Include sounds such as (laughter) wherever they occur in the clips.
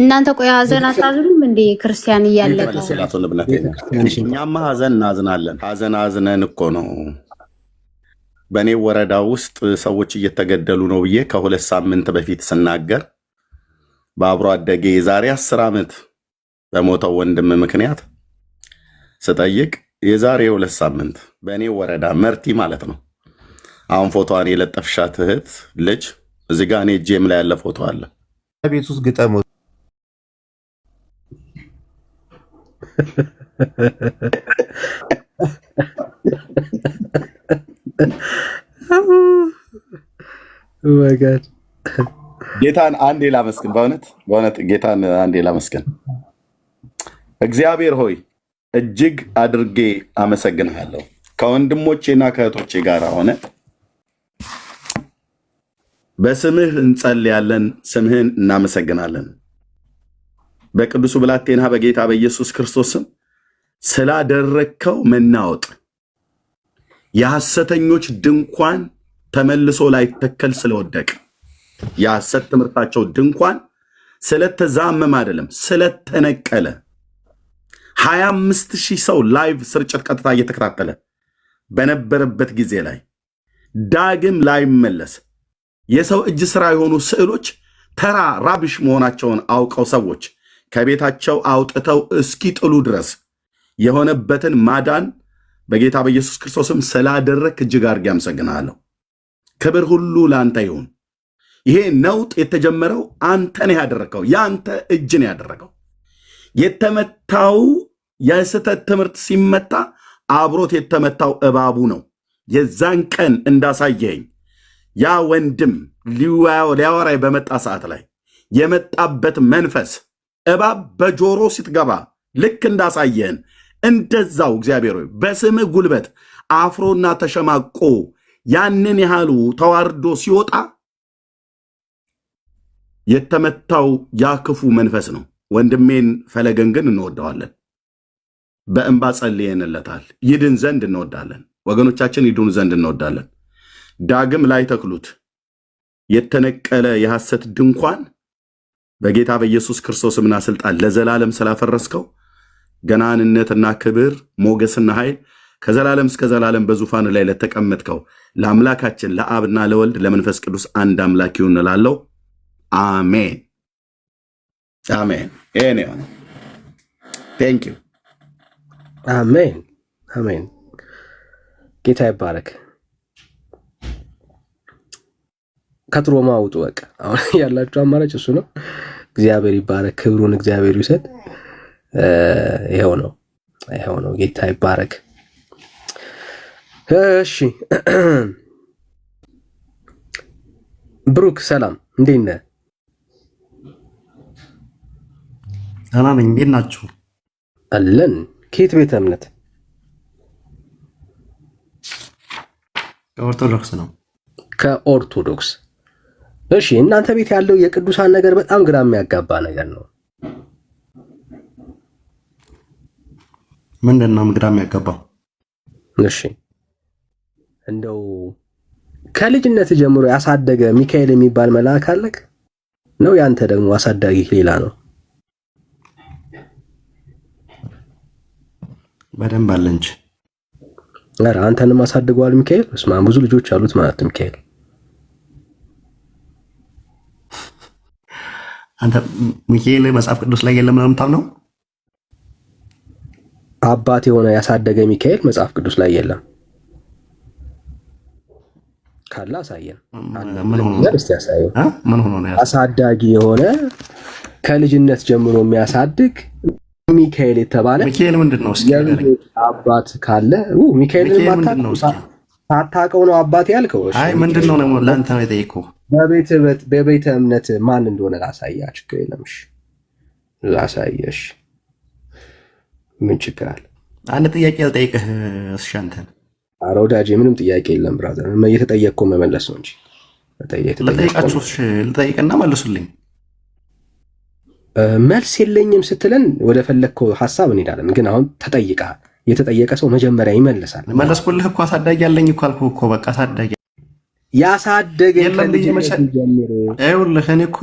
እናንተ ቆይ ሀዘን አታዝኑም እንዴ? ክርስቲያን እያለ እኛማ ሀዘን እናዝናለን። ሀዘን አዝነን እኮ ነው። በእኔ ወረዳ ውስጥ ሰዎች እየተገደሉ ነው ብዬ ከሁለት ሳምንት በፊት ስናገር በአብሮ አደጌ የዛሬ አስር ዓመት በሞተው ወንድም ምክንያት ስጠይቅ የዛሬ ሁለት ሳምንት በእኔ ወረዳ መርቲ ማለት ነው። አሁን ፎቶዋን የለጠፍሻት እህት ልጅ እዚህ ጋ እኔ እጄም ላይ ያለ ፎቶ አለ። ቤት ውስጥ ግጠሞ Oh ጌታን አንዴ ላመስግን። በእውነት በእውነት ጌታን አንዴ ላመስግን። እግዚአብሔር ሆይ እጅግ አድርጌ አመሰግንሃለሁ። ከወንድሞቼና ከእህቶቼ ጋር ሆነ በስምህ እንጸልያለን፣ ስምህን እናመሰግናለን። በቅዱሱ ብላቴና በጌታ በኢየሱስ ክርስቶስም ስላደረግከው መናወጥ የሐሰተኞች ድንኳን ተመልሶ ላይተከል ስለወደቅ የሐሰት ትምህርታቸው ድንኳን ስለተዛመም አይደለም ስለተነቀለ ሀያ አምስት ሺህ ሰው ላይቭ ስርጭት ቀጥታ እየተከታተለ በነበረበት ጊዜ ላይ ዳግም ላይመለስ የሰው እጅ ስራ የሆኑ ስዕሎች ተራ ራብሽ መሆናቸውን አውቀው ሰዎች ከቤታቸው አውጥተው እስኪጥሉ ድረስ የሆነበትን ማዳን በጌታ በኢየሱስ ክርስቶስም ስላደረክ እጅግ አድርጌ አመሰግናለሁ። ክብር ሁሉ ለአንተ ይሁን። ይሄ ነውጥ የተጀመረው አንተን ነው የአንተ እጅ ያደረገው። የተመታው የስህተት ትምህርት ሲመታ አብሮት የተመታው እባቡ ነው። የዛን ቀን እንዳሳየኝ ያ ወንድም ሊያወራይ በመጣ ሰዓት ላይ የመጣበት መንፈስ እባብ በጆሮ ስትገባ ልክ እንዳሳየን እንደዛው እግዚአብሔር ሆይ በስምህ ጉልበት አፍሮና ተሸማቆ ያንን ያህሉ ተዋርዶ ሲወጣ የተመታው ያ ክፉ መንፈስ ነው። ወንድሜን ፈለገን ግን እንወደዋለን። በእንባ ጸልየንለታል። ይድን ዘንድ እንወዳለን። ወገኖቻችን ይድኑ ዘንድ እንወዳለን። ዳግም ላይ ተክሉት የተነቀለ የሐሰት ድንኳን በጌታ በኢየሱስ ምና ስልጣን ለዘላለም ስላፈረስከው ገናንነትና ክብር ሞገስና ኃይል ከዘላለም እስከ ዘላለም በዙፋን ላይ ለተቀመጥከው ለአምላካችን ለአብና ለወልድ ለመንፈስ ቅዱስ አንድ አምላክ ይሁን እላለሁ። አሜን አሜን። ይሄን ሆነ። ቴንክ ዩ። አሜን አሜን። ጌታ ይባረክ። ከትሮማ አውጡ። በቃ አሁን (laughs) ያላችሁ አማራጭ እሱ ነው። እግዚአብሔር ይባረክ፣ ክብሩን እግዚአብሔር ይውሰድ። ይኸው ነው፣ ይኸው ነው። ጌታ ይባረክ። እሺ (clears throat) ብሩክ ሰላም፣ እንዴት ነህ? ደህና ነኝ። እንዴት ናችሁ? አለን። ከየት ቤተ እምነት? ከኦርቶዶክስ ነው። ከኦርቶዶክስ እሺ እናንተ ቤት ያለው የቅዱሳን ነገር በጣም ግራ የሚያጋባ ነገር ነው። ምንድን ነው ግራ የሚያጋባው? እሺ እንደው ከልጅነት ጀምሮ ያሳደገ ሚካኤል የሚባል መልአክ አለክ ነው? ያንተ ደግሞ አሳዳጊ ሌላ ነው? በደንብ አለ እንጂ ኧረ አንተንም አሳድገዋል ሚካኤል። በስመ አብ ብዙ ልጆች አሉት ማለት ሚካኤል አንተ ሚካኤል መጽሐፍ ቅዱስ ላይ የለም ነው የምታምነው? አባት የሆነ ያሳደገ ሚካኤል መጽሐፍ ቅዱስ ላይ የለም ካለ አሳየን። አሳዳጊ የሆነ ከልጅነት ጀምሮ የሚያሳድግ ሚካኤል የተባለ ሚካኤል ምንድን ነው? አባት ካለ ሚካኤል ነው? ሳታውቀው ነው አባት ያልከው? አይ ምንድን ነው ደግሞ ለአንተ ነው የጠየቅኩህ። በቤተ እምነት ማን እንደሆነ ላሳያ፣ ችግር የለምሽ፣ ላሳየሽ። ምን ችግር አለ? አንድ ጥያቄ ያልጠይቅህ እስሻንተን። ኧረ ወዳጄ ምንም ጥያቄ የለም ብራዘር፣ እየተጠየቅኩ መመለስ ነው እንጂ ለጠይቃችሁ ልጠይቅና መልሱልኝ። መልስ የለኝም ስትለን ወደ ፈለግከው ሀሳብ እንሄዳለን፣ ግን አሁን ተጠይቀሃል የተጠየቀ ሰው መጀመሪያ ይመልሳል። መለስኩልህ እኮ አሳዳጊ ያለኝ እኮ አልኩህ እኮ በቃ አሳዳጊ ያሳደገ ይኸውልህ፣ እኔ እኮ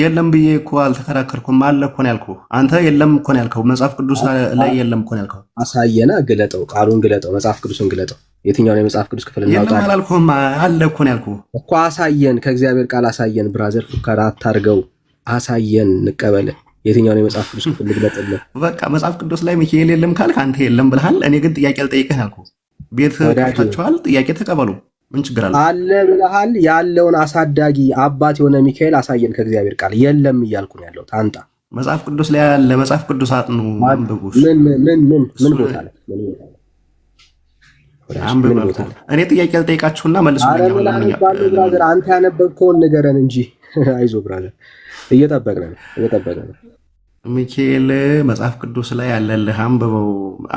የለም ብዬ እኮ አልተከራከርኩም። አለ እኮ ነው ያልኩህ። አንተ የለም እኮ ነው ያልከው። መጽሐፍ ቅዱስ ላይ የለም እኮ ነው ያልከው። አሳየና ግለጠው፣ ቃሉን ግለጠው፣ መጽሐፍ ቅዱስን ግለጠው። የትኛውን የመጽሐፍ ቅዱስ ክፍል እናውጣ? የለም አላልኩህም። አለ እኮ ነው ያልኩህ እኮ። አሳየን፣ ከእግዚአብሔር ቃል አሳየን። ብራዘር፣ ፉከራ አታርገው። አሳየን፣ እንቀበልን የትኛውን የመጽሐፍ ቅዱስ ክፍል ልግለጥል? በቃ መጽሐፍ ቅዱስ ላይ ሚካኤል የለም ካልክ አንተ የለም ብልሃል። እኔ ግን ጥያቄ ልጠይቅህ ያልኩ ቤት ታችኋል፣ ጥያቄ ተቀበሉ። ምን ችግር አለ? አለ ብልሃል። ያለውን አሳዳጊ አባት የሆነ ሚካኤል አሳየን ከእግዚአብሔር ቃል። የለም እያልኩ ነው ያለሁት። አንጣ መጽሐፍ ቅዱስ ላይ ያለ መጽሐፍ ቅዱስ አጥኑ፣ ምን ቦታ ላይ እኔ ጥያቄ ልጠይቃችሁና መልሱ። አንተ ያነበብከውን ንገረን እንጂ (laughs) አይዞ ብራዘር፣ እየጠበቅን ነው እየጠበቅን ነው። ሚካኤል መጽሐፍ ቅዱስ ላይ ያለልህ አንብበው።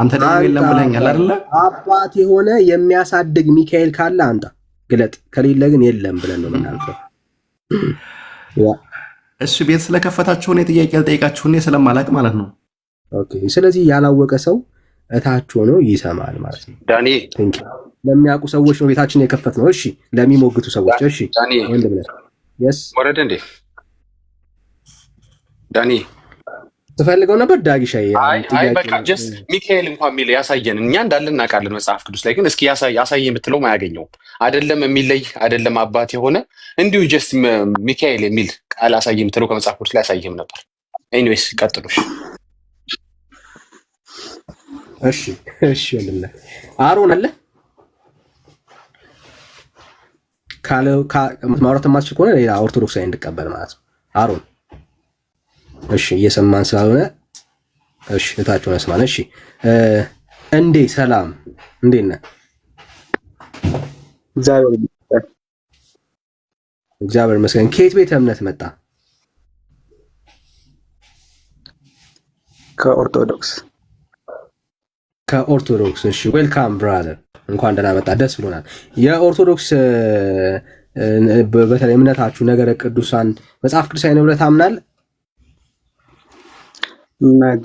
አንተ ደግሞ የለም ብለኛል አይደለ? አባት የሆነ የሚያሳድግ ሚካኤል ካለ አንጣ ግለጥ፣ ከሌለ ግን የለም ብለን ነው ምናልፈው። (clears throat) እሱ ቤት ስለከፈታችሁ እኔ ጥያቄ አልጠይቃችሁ እኔ ስለማላቅ ማለት ነው። ስለዚህ ያላወቀ ሰው እታች ሆኖ ይሰማል ማለት ነው። ዳኒ ለሚያውቁ ሰዎች ነው ቤታችን የከፈት ነው። እሺ ለሚሞግቱ ሰዎች እሺ። ዳኒ ወረደ እንዴ ዳኒ ትፈልገው ነበር ዳጊሻ ሚካኤል እንኳን የሚለው ያሳየን። እኛ እንዳለን እናውቃለን መጽሐፍ ቅዱስ ላይ ግን እስኪ ያሳየ የምትለውም አያገኘውም። አይደለም የሚለይ አይደለም አባት የሆነ እንዲሁ ጀስት ሚካኤል የሚል ቃል አሳየ የምትለው ከመጽሐፍ ቅዱስ ላይ አሳየም ነበር። ኤኒዌይስ ቀጥሎሽ። እሺ እሺ፣ አሮን አለ ማውራት የማትችል ከሆነ ሌላ ኦርቶዶክሳዊ እንድቀበል ማለት ነው አሮን እሺ እየሰማን ስላልሆነ እሺ እታችሁ ነስማን። እሺ እንዴ ሰላም፣ እንዴት ነህ? እግዚአብሔር ይመስገን። ከየት ቤተ እምነት መጣ? ከኦርቶዶክስ ከኦርቶዶክስ። እሺ ዌልካም ብራዘር፣ እንኳን ደህና መጣ። ደስ ብሎናል። የኦርቶዶክስ በተለይ እምነታችሁ ነገረ ቅዱሳን መጽሐፍ ቅዱሳዊ ንብረት አምናል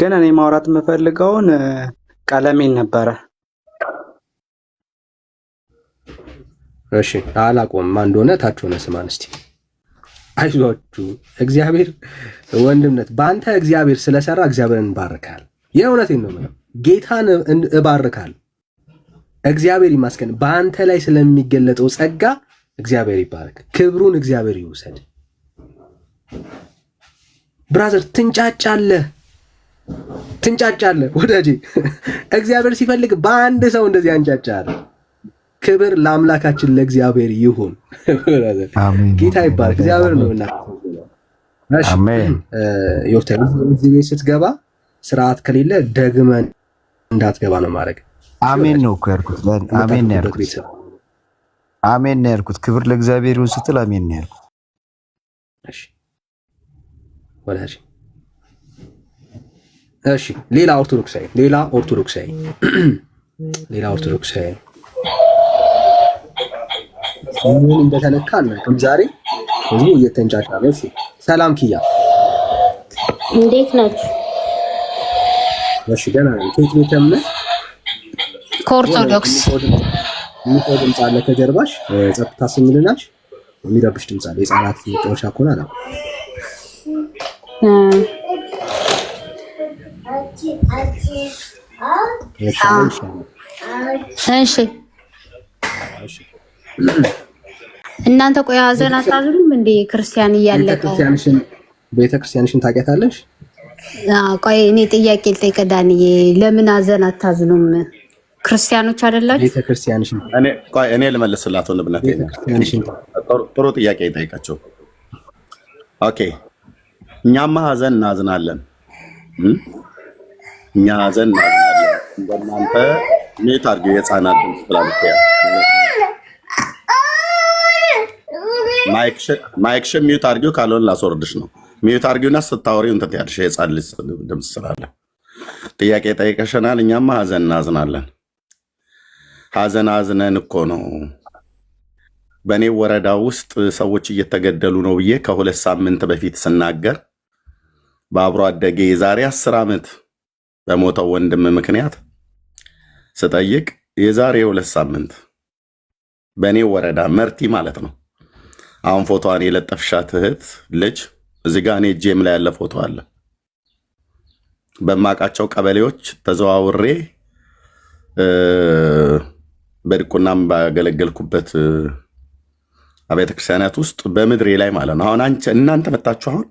ግን እኔ ማውራት የምፈልገውን ቀለሜን ነበረ። እሺ አላቆም ማን እንደሆነ ታች ሆነ ስማን እስቲ። አይዟችሁ እግዚአብሔር ወንድምነት በአንተ እግዚአብሔር ስለሰራ እግዚአብሔር እንባርካል። የእውነቴን ነው ምለው ጌታን እባርካል። እግዚአብሔር ይመስገን በአንተ ላይ ስለሚገለጠው ጸጋ እግዚአብሔር ይባርክ። ክብሩን እግዚአብሔር ይውሰድ። ብራዘር ትንጫጫለህ። ትንጫጫለህ ወዳጄ። እግዚአብሔር ሲፈልግ በአንድ ሰው እንደዚህ አንጫጫል። ክብር ለአምላካችን ለእግዚአብሔር ይሁን። ጌታ ይባል እግዚአብሔር ነው እና እዚህ ቤት ስትገባ ስርዓት ከሌለ ደግመን እንዳትገባ ነው ማድረግ። አሜን ነው እኮ ያልኩት። አሜን ነው ያልኩት። አሜን ነው ያልኩት። ክብር ለእግዚአብሔር ይሁን ስትል አሜን ነው ያልኩት። እሺ ሌላ ኦርቶዶክሳዊ ሌላ ኦርቶዶክሳዊ ሌላ ኦርቶዶክሳዊ ምን እንደተነካ አልመልክም። ዛሬ ህዝቡ እየተንጫጫ ነው። እሺ ሰላም ኪያ እንዴት ናችሁ? እሺ ደህና ነኝ። ከየት ቤተ እምነት? ከኦርቶዶክስ ሚቆ ድምፅ አለ ከጀርባሽ፣ ጸጥታ ስሚልናች የሚረብሽ ድምፅ አለ። የህፃናት መጫወቻ ኮና ነው። እሺ እናንተ ቆይ ሀዘን አታዝኑም እንዴ? ክርስቲያን እያለቀ ታውቂያታለሽ? ቆይ እኔ ጥያቄ ልጠይቅ ዳንዬ፣ ለምን ሀዘን አታዝኑም? ክርስቲያኖች አይደላችሁ? እኔ ልመልስላት። ጥሩ ጥያቄ ይጠይቃቸው። ኦኬ እኛማ ሀዘን እናዝናለን። እኛ ሀዘን እናዝናለን እንደናንተ ሜት አድርገው የህፃናት ድምፅ ብላልከ ማይክሽ ሚዩት አድርጊው፣ ካልሆነ ላስወርድሽ ነው። ሚዩት አድርጊውና ስታወሪ እንትን ያድሽ የህፃን ልጅ ድምፅ ስላለ ጥያቄ ጠይቀሽናል። እኛማ ሀዘን እናዝናለን። ሀዘን አዝነን እኮ ነው። በእኔ ወረዳ ውስጥ ሰዎች እየተገደሉ ነው ብዬ ከሁለት ሳምንት በፊት ስናገር በአብሮ አደጌ የዛሬ አስር ዓመት በሞተው ወንድም ምክንያት ስጠይቅ የዛሬ ሁለት ሳምንት በእኔ ወረዳ መርቲ ማለት ነው። አሁን ፎቶዋን የለጠፍሻት እህት ልጅ እዚህ ጋ እኔ እጄም ላይ ያለ ፎቶ አለ። በማውቃቸው ቀበሌዎች ተዘዋውሬ በድቁናም ባገለገልኩበት አብያተ ክርስቲያናት ውስጥ በምድሬ ላይ ማለት ነው። አሁን እናንተ መታችሁ አሁን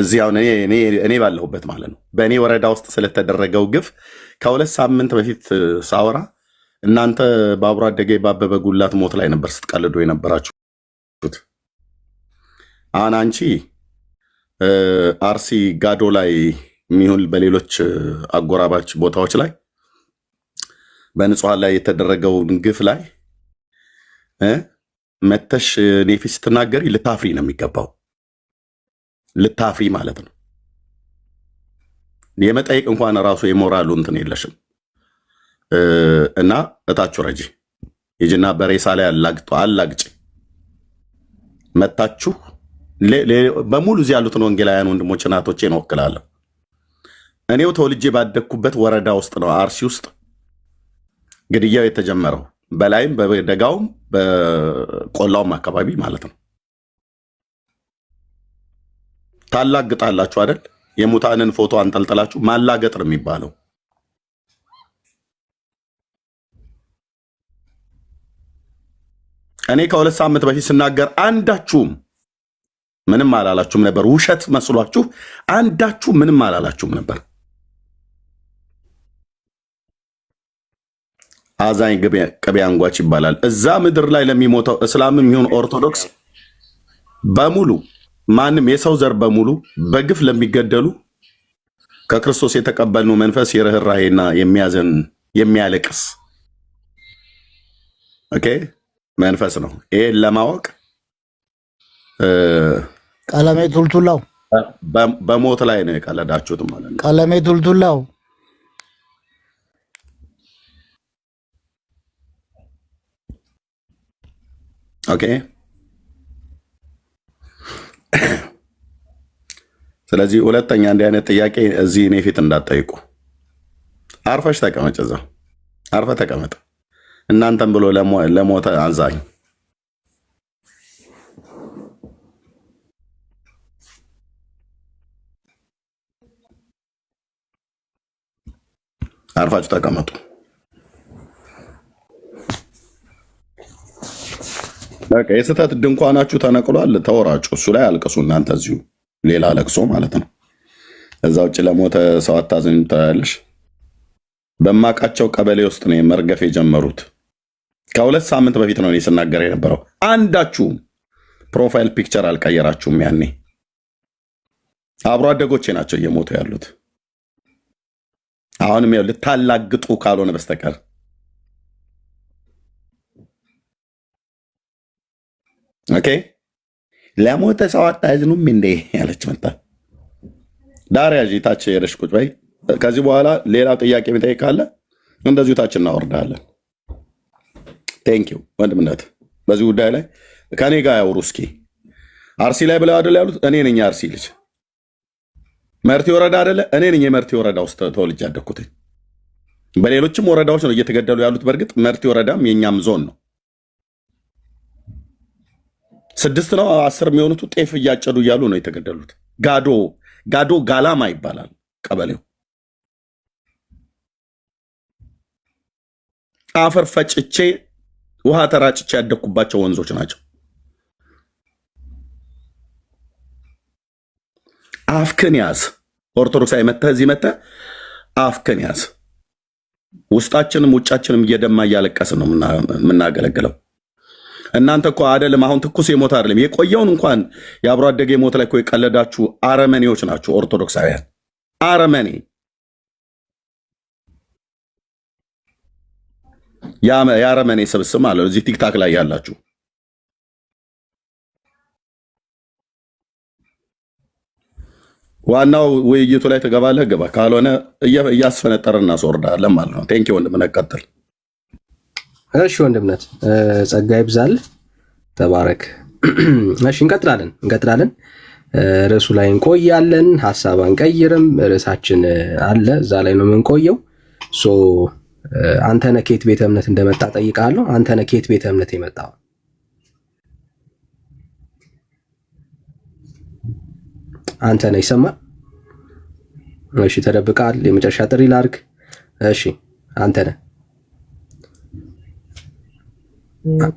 እዚህ እኔ ባለሁበት ማለት ነው በእኔ ወረዳ ውስጥ ስለተደረገው ግፍ ከሁለት ሳምንት በፊት ሳወራ እናንተ በአብሮ አደገ ባበበ ጉላት ሞት ላይ ነበር ስትቀልዶ የነበራችሁት። አሁን አንቺ አርሲ ጋዶ ላይ የሚሆን በሌሎች አጎራባች ቦታዎች ላይ በንጹሐን ላይ የተደረገውን ግፍ ላይ መተሽ ኔፊ ስትናገሪ ልታፍሪ ነው የሚገባው። ልታፍሪ ማለት ነው። የመጠየቅ እንኳን ራሱ የሞራሉ እንትን የለሽም እና እታችሁ ረጂ የጅና በሬሳ ላይ አላግጦ አላግጭ መታችሁ በሙሉ እዚህ ያሉትን ወንጌላውያን ወንድሞች እናቶቼን እንወክላለሁ እኔው ተወልጄ ባደግኩበት ወረዳ ውስጥ ነው አርሲ ውስጥ ግድያው የተጀመረው በላይም በደጋውም በቆላውም አካባቢ ማለት ነው። ታላግጣላችሁ አይደል? የሙታንን ፎቶ አንጠልጥላችሁ ማላገጥ ነው የሚባለው። እኔ ከሁለት ሳምንት በፊት ስናገር አንዳችሁም ምንም አላላችሁም ነበር። ውሸት መስሏችሁ አንዳችሁ ምንም አላላችሁም ነበር። አዛኝ ቅቤ አንጓች ይባላል። እዛ ምድር ላይ ለሚሞተው እስላምም ይሁን ኦርቶዶክስ በሙሉ ማንም የሰው ዘር በሙሉ በግፍ ለሚገደሉ ከክርስቶስ የተቀበልነው መንፈስ የርኅራሄና የሚያዘን የሚያለቅስ ኦኬ መንፈስ ነው። ይሄን ለማወቅ ቀለሜ ቱልቱላው በሞት ላይ ነው የቀለዳችሁት ማለት ነው። ቀለሜ ቱልቱላው ኦኬ ስለዚህ ሁለተኛ እንዲህ አይነት ጥያቄ እዚህ እኔ ፊት እንዳትጠይቁ። አርፈሽ ተቀመጭ፣ እዛ አርፈ ተቀመጠ። እናንተም ብሎ ለሞተ አዛኝ አርፋችሁ ተቀመጡ። በቃ የስህተት ድንኳናችሁ ተነቅሏል። ተወራጩ፣ እሱ ላይ አልቅሱ። እናንተ እዚሁ ሌላ ለቅሶ ማለት ነው። እዛ ውጭ ለሞተ ሰው አታዘኙ ትላለሽ። በማቃቸው ቀበሌ ውስጥ ነው መርገፍ የጀመሩት። ከሁለት ሳምንት በፊት ነው እኔ ስናገር የነበረው። አንዳችሁም ፕሮፋይል ፒክቸር አልቀየራችሁም። ያኔ አብሮ አደጎቼ ናቸው እየሞቱ ያሉት። አሁንም ያው ልታላግጡ ካልሆነ በስተቀር ኦኬ ለሞተ ሰው አታዝኑም እንዴ ያለች መጣ። ዳሪያ ታች ሄደሽ ቁጭ በይ። ከዚህ በኋላ ሌላ ጥያቄ የሚጠይቅ ካለ እንደዚሁ ታች እናወርዳለን። ቴንክ ዩ ወንድምነት። በዚህ ጉዳይ ላይ ከኔ ጋር ያውሩ እስኪ። አርሲ ላይ ብለው አይደል ያሉት? እኔ ነኝ አርሲ ልጅ መርቲ ወረዳ አይደለ? እኔ ነኝ የመርቲ ወረዳ ውስጥ ተወልጅ ያደግኩትኝ። በሌሎችም ወረዳዎች ነው እየተገደሉ ያሉት። በእርግጥ መርቲ ወረዳም የእኛም ዞን ነው። ስድስት ነው አስር የሚሆኑት ጤፍ እያጨዱ እያሉ ነው የተገደሉት። ጋዶ ጋዶ ጋላማ ይባላል ቀበሌው። አፈር ፈጭቼ ውሃ ተራጭቼ ያደግኩባቸው ወንዞች ናቸው። አፍክን ያዝ። ኦርቶዶክሳዊ መተህ እዚህ መተህ አፍክን ያዝ። ውስጣችንም ውጫችንም እየደማ እያለቀስን ነው የምናገለግለው። እናንተ እኮ አደለም አሁን ትኩስ የሞት አደለም የቆየውን እንኳን የአብሮ አደገ የሞት ላይ እኮ የቀለዳችሁ አረመኔዎች ናቸው ኦርቶዶክሳውያን አረመኔ የአረመኔ ስብስብ አለ እዚህ ቲክታክ ላይ ያላችሁ ዋናው ውይይቱ ላይ ትገባለህ ግባ ካልሆነ እያስፈነጠረ እናስወርዳለን ማለት ነው ቴንኪ ወንድምነህ ቀጥል እሺ ወንድምነት ጸጋ ይብዛል። ተባረክ። (clears throat) እሺ እንቀጥላለን እንቀጥላለን። ርዕሱ ላይ እንቆያለን። ሀሳብ አንቀይርም። ርዕሳችን አለ፣ እዛ ላይ ነው የምንቆየው። ሶ አንተነህ ከየት ቤተ እምነት እንደመጣ ጠይቃለሁ። አንተነህ ከየት ቤተ እምነት የመጣው? አንተነህ ይሰማል? እሺ ተደብቃል። የመጨረሻ ጥሪ ላርግ። እሺ አንተነህ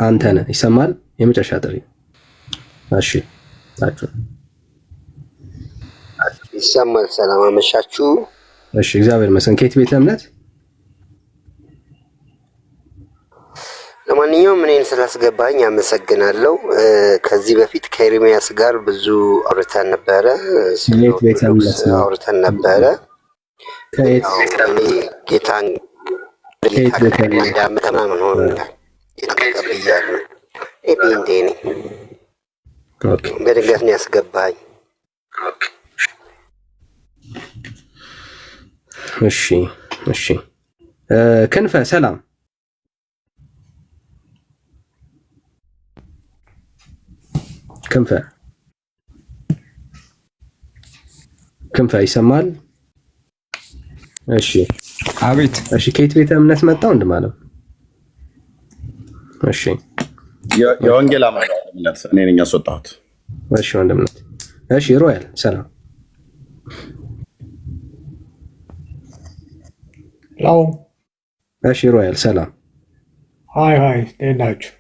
አንተ ነህ። ይሰማል? የመጨረሻ ጥሪ። እሺ፣ ታችሁ ይሰማል። ሰላም አመሻችሁ። እሺ፣ እግዚአብሔር ይመስገን። ከየት ቤተ እምነት? ለማንኛውም እኔን ስላስገባኝ አመሰግናለሁ። ከዚህ በፊት ከኤርሚያስ ጋር ብዙ አውርተን ነበረ አውርተን ነበረ ጌታን ምናምን ሆኖኛል ተቀብያለሁ። በድንገት ነው ያስገባኝ። እሺ፣ እሺ። ክንፈ ሰላም ክንፈ ክንፈ ይሰማል? እሺ፣ አቤት። እሺ፣ ከየት ቤተ እምነት መጣው እንድማለም እሺ የወንጌል አማኝነት እኔ ነኝ ያስወጣሁት። እሺ ወንድምነት። እሺ ሮያል ሰላም። ሄሎ። እሺ ሮያል ሰላም። ሀይ ሀይ፣ እንዴት ናችሁ?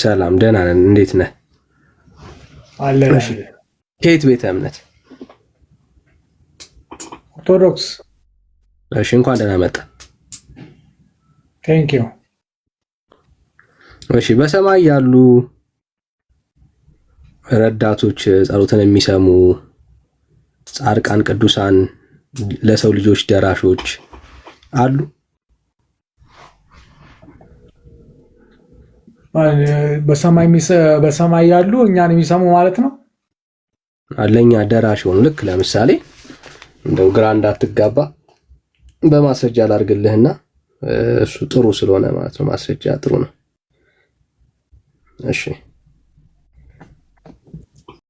ሰላም ደህና ነን። እንዴት ነህ? አለ። ከየት ቤተ እምነት? ኦርቶዶክስ። እሺ እንኳን ደህና መጣ። ቴንኪው እሺ በሰማይ ያሉ ረዳቶች ጸሎትን የሚሰሙ ጻድቃን፣ ቅዱሳን ለሰው ልጆች ደራሾች አሉ። በሰማይ ያሉ እኛን የሚሰሙ ማለት ነው። ለእኛ ደራሽ ሆኑ። ልክ ለምሳሌ እንደው ግራ እንዳትጋባ በማስረጃ ላድርግልህና እሱ ጥሩ ስለሆነ ማለት ነው። ማስረጃ ጥሩ ነው። እሺ